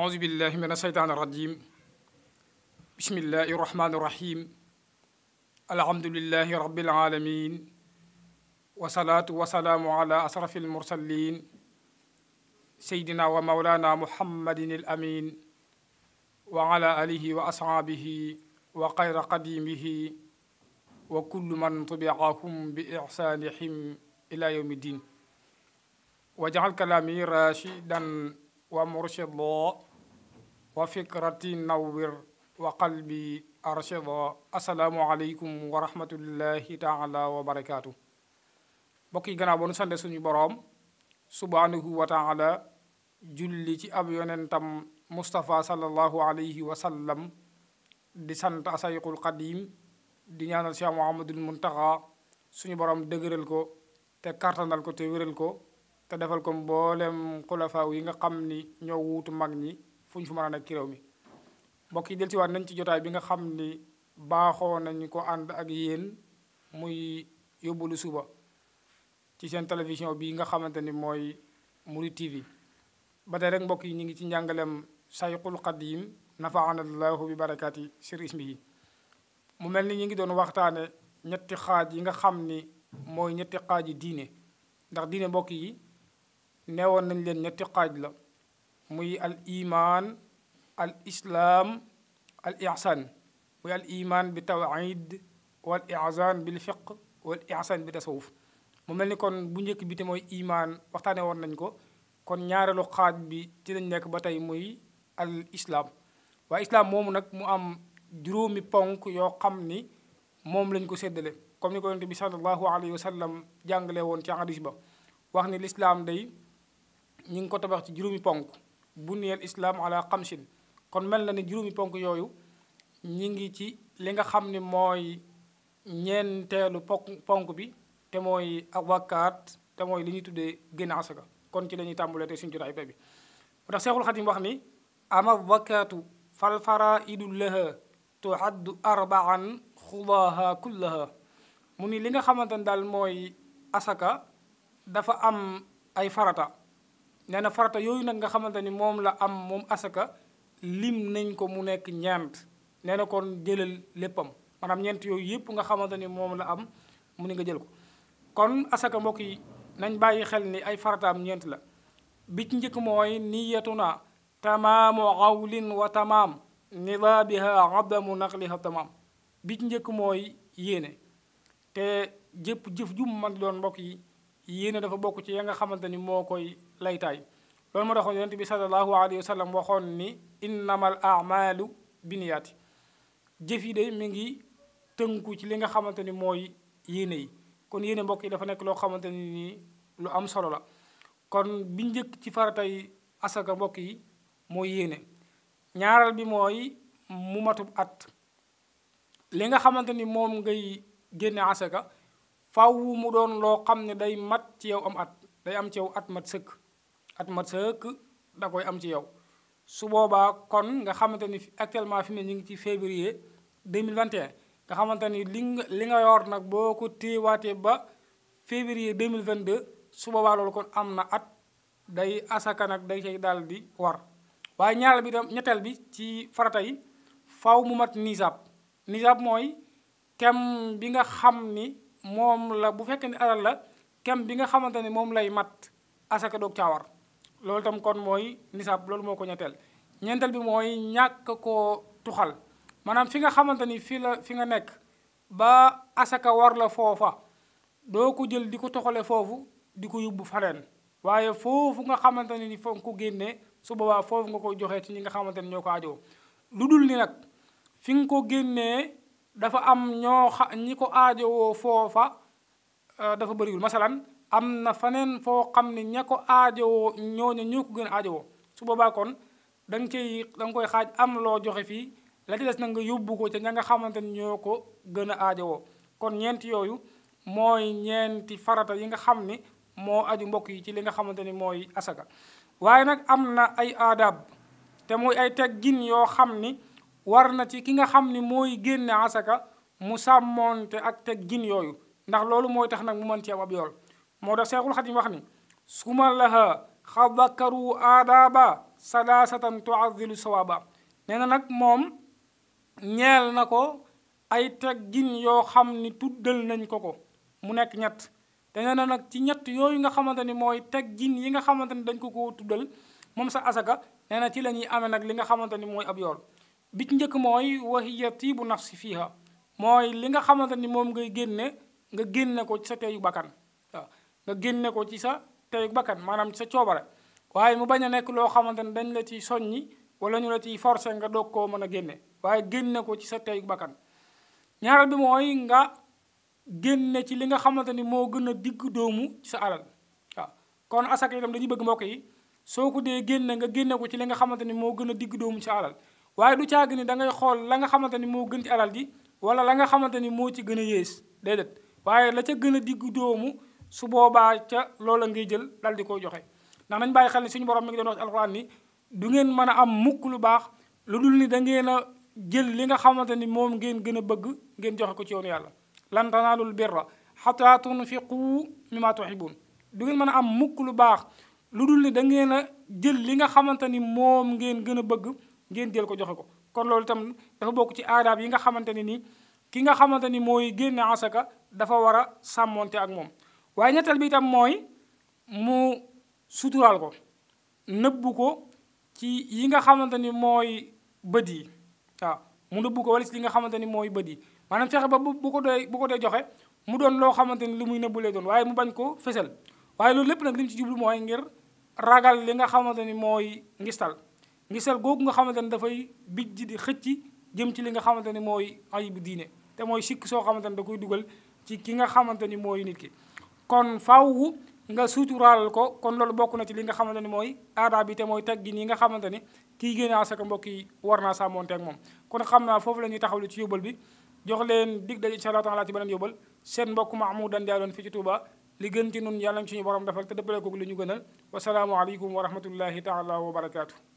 أعوذ بالله من الشيطان الرجيم بسم الله الرحمن الرحيم الحمد لله رب العالمين والصلاة والسلام على أشرف المرسلين سيدنا ومولانا محمد الأمين وعلى آله وأصحابه وقير قديمه وكل من طبعهم بإحسانهم إلى يوم الدين واجعل كلامي راشدا ومرشدا وفكرتي نور وقلبي أرشدا asalaamu aleykum wa rahmatullahi taala wa barakaatu mbokk yi gannaaw ba nu sante suñu boroom subhanahu wa taala julli ci ab yonentam Moustapha sallallahu alayhi wa sallam di sant asayqul qadim di ñaanal Cheikh Mouhamadul Muntaxa suñu boroom dëgëral ko te kartanal ko te wéral ko te defal ko mboolem xulafaaw yi nga xam ni ñoo wuutu mag ñi fu ñu fu mën a nekk ci réew mi mbokk yi dellusiwaat nañ ci jotaay bi nga xam ni baaxoo nañu ko ànd ak yéen muy yóbbalu suba ci seen télévision bi nga xamante ni mooy Mouride TV ba tey rek mbokk yi ñu ngi ci njàngaleem sayxul xadim nafaanallahu bi barakaati sir ismi yi mu mel ni ñu ngi doon waxtaane ñetti xaaj yi nga xam ni mooy ñetti xaaj yi diine ndax diine mbokk yi neewoon nañ leen ñetti xaaj la muy al iman al islaam al ihsan muy al iman bi tawhid wal ihsan bil fiq wal ihsan bi tasawuf mu mel ni kon bu njëkk bi te mooy iman waxtaane woon nañ ko kon ñaareelu xaaj bi ci lañ nekk ba tey muy al islaam waaye islaam moomu nag mu am juróomi ponk yoo xam ni moom lañ ko séddale comme ni ko yonent bi sallallahu alayhi wa sallam jàngale woon ci hadis ba wax ni lislaam day ñu ngi ko tabax ci juróomi ponk buniyal islaam ala xamsin kon mel na ne juróomi ponk yooyu ñi ngi ci li nga xam ni mooy ñeenteelu ponk bi te mooy ak wakkaat te mooy li ñuy tuddee génn asaka kon ci la ñuy te suñu jotaay bi bi ndax Seexul Xadim wax ni ama wakkaatu fal faraidu laha tuhaddu arbaan xudaaha kullaha mu ni li nga xamante ne daal mooy asaka dafa am ay farata nee na farata yooyu nag nga xamante ni moom la am moom asaka lim nañ ko mu nekk ñeent nee na kon jëlal léppam maanaam ñeent yooyu yëpp nga xamante ni moom la am mu ni nga jël ko kon asaka mbokk yi nañ bàyyi xel ni ay farataam ñeent la bi njëkk mooy niyatuna tamaamu xawlin wa tamaam nidaabiha adamu naqliha tamaam bi njëkk mooy yéene te jëpp jëf ju mu mën doon mbokk yi yéene dafa bokk ci ya nga xamante ni moo koy laytaay loolu moo taxoon yonent bi sallallahu alayhi wa sallam waxoon ni innamal amalu jëf yi de mi ngi tënku ci li nga xamante ni mooy yéene yi kon yéene mbokk yi dafa nekk loo xamante ni nii lu am solo la kon bi njëkk ci faratay asaka mbokk yi mooy yéene ñaaral bi mooy mu matub at li nga xamante ni moom ngay génne asaka faw mu doon loo xam ne day mat ci yow am at day am ci yow at mat sëkk at mat sëkk da koy am ci yow su boobaa kon nga xamante ni actuellement fi mu ne ñu ngi ci février 2021 nga xamante ni li nga li nga yor nag boo ko téewaatee ba février 2022 su boobaa loolu kon am na at day asaka nag day cay daal di war waaye ñaareel bi tam ñetteel bi ci farata yi faw mu mat nisaab nisaab mooy kem bi nga xam ni moom la bu fekkee ni alal la kem bi nga xamante ni moom lay mat asaka doog caawar loolu tam kon mooy nisaab loolu moo ko ñetteel ñeenteel bi mooy ñàkk ko tuxal maanaam fi nga xamante ni fi la fi nga nekk ba asaka war la foofa doo ko jël di ko toxale foofu di ko yóbbu faneen waaye foofu nga xamante ne ni foog ko génnee su boobaa foofu nga ko joxee ci ñi nga xamante ni ñoo ko ajoo lu dul nii nag fi nga ko génnee dafa am ñoo xa ñi ko aajowoo foofa euh, dafa bëriwul masalan am na faneen foo xam ne ña ko aajowoo ñooñu ñoo ko gën a aajowoo su boobaa kon da koy da koy xaaj am loo joxe fii la ci des na nga yóbbu ko ca ña nga xamante ni ñoo ko gën a aajowoo kon ñeenti yooyu mooy ñeenti farata yi nga xam ni moo aju mbokk yi ci li nga xamante ni mooy asaka waaye nag am na ay aadab te muy ay gin yoo xam ni war na ci ki nga xam ni mooy génne asaka mu sàmmoonte ak teg gin yooyu ndax loolu mooy tax nag mu mën ci ab ab yool moo tax seexul xadim wax ni suma laha xadakaru aadaaba salaasatan tuadilu sawaaba nee na nag moom ñeel na ko ay teggin yo xam ni tuddal nañ ko ko mu nekk ñett te nee yo nag ci nga ni moi tag yi nga xamante ni dañ ko ko tuddal sa asaka nee na ci la ñuy amee li nga ni ab yool bi ci njëkk mooy wahiya tiibu nafsi fiiha mooy li nga xamante ni ngay génne nga ko ci sa teeyu nga génne ko ci sa tey bakkan maanaam ci sa coobare waaye mu bañ a nekk loo xamante ne dañ la ciy soññi wala ñu la ciy forcé nga doog koo mën a génne waaye génne ko ci sa tey bakkan ñaareel bi mooy nga génne ci li nga xamante ni moo gën a digg doomu ci sa alal waaw kon asaka itam dañuy bëgg mbokk yi soo ko dee génne nga génne ko ci li nga xamante ni moo gën a digg doomu ci sa alal waaye du caagi ni da ngay xool la nga xamante ni moo gën ci alal ji wala la nga xamante ni moo ci gën a yées déedéet waaye la ca gën a digg doomu su boobaa ca loola ngay jël dal di koy joxe ndax nañ bàyyi xel ni suñu borom mi ngi doon wax ci alxuraan ni du ngeen mën a am mukk lu baax lu dul ni da ngeen a jël li nga xamante ni moom ngeen gën a bëgg ngeen joxe ko ci yoonu yàlla lan tanaalul birra xataa tunfiqu mimma tuhibbun du ngeen mën a am mukk lu baax lu dul ni da ngeen a jël li nga xamante ni moom ngeen gën a bëgg ngeen jël ko joxe ko kon loolu itam dafa bokk ci aadaab yi nga xamante ni nii ki nga xamante ni mooy génne asaka dafa war a sàmmoonte ak moom waaye ñetteel bi itam mooy mu sutural ko nëbbu ko ci yi nga xamante ni mooy bët yi waaw mu nëbbu ko wala ci li nga xamante ni mooy bët yi maanaam fexe ba bu ko doy bu ko doy joxe mu doon loo xamante ni lu muy nëbbu lay doon waaye mu bañ ko fësal waaye loolu lépp nag lim ci jublu mooy ngir ragal li nga xamante ni mooy ngistal ngistal googu nga xamante ni dafay bijji di xëcc jëm ci li nga xamante ni mooy ayibu diine te mooy sikk soo xamante ni da koy dugal ci ki nga xamante ni mooy nit ki kon faaw nga suutu suturaal ko kon loolu bokk na ci li nga xamante ni mooy aada bi te mooy teggin yi nga xamante ni kii génne asaka mbokk yi war naa sàmmoonte ak moom kon xam naa foofu la ñuy taxawlu ci yóbbal bi jox leen dig daje incha allah taala ci beneen yóbbal seen mbokk Mahmoudan Diallo fi ci Touba li gën ci nun yàlla ñu suñu borom defal te dëppale ko li ñu gënal wasalaamu aleykum wa rahmatullahi taala wa